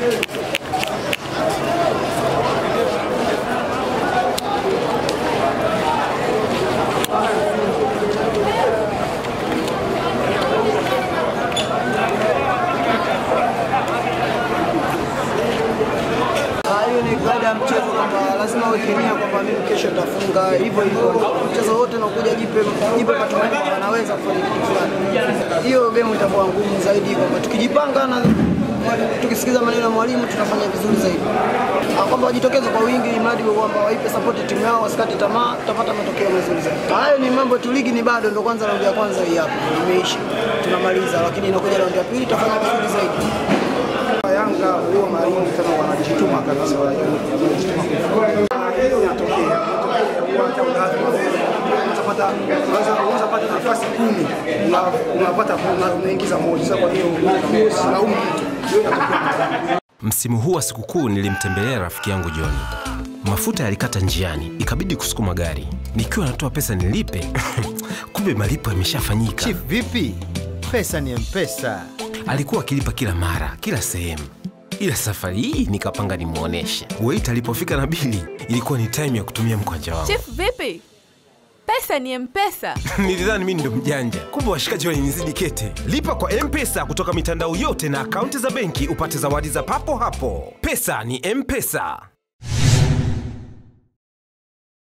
Thank you. ya mchezo kwamba lazima awe kimia kwamba mimi kesho nitafunga hivyo hivyo, mchezo wote unakuja, jipe jipe matumaini kwamba anaweza kufanya kitu fulani. Hiyo game itakuwa ngumu zaidi kwamba tukijipanga na tukisikiza maneno ya mwalimu tunafanya vizuri zaidi, ah, kwamba wajitokeze kwa wingi, mradi kwamba waipe support timu yao, wasikate tamaa, tutapata matokeo mazuri zaidi. Ah, hayo ni mambo tu, ligi ni bado, ndo kwanza raundi ya kwanza hii hapa imeisha, tunamaliza, lakini inakuja raundi ya pili tutafanya vizuri zaidi. Yanga kabisa unapata nafasi kumi unapata unaingiza moja. kwa hiyo Msimu huu wa sikukuu nilimtembelea rafiki yangu Joni. Mafuta yalikata njiani, ikabidi kusukuma gari. Nikiwa natoa pesa nilipe, kumbe malipo yameshafanyika. Chief, vipi? Pesa ni mpesa. Alikuwa akilipa kila mara, kila sehemu ila safari hii nikapanga nimwoneshe. Wait alipofika na bili, ilikuwa ni time ya kutumia mkwanja wangu. Chief, vipi? pesa ni mpesa nilidhani mimi ndo mjanja kumbe washikaji walinizidi kete lipa kwa mpesa kutoka mitandao yote na akaunti za benki upate zawadi za papo hapo pesa ni mpesa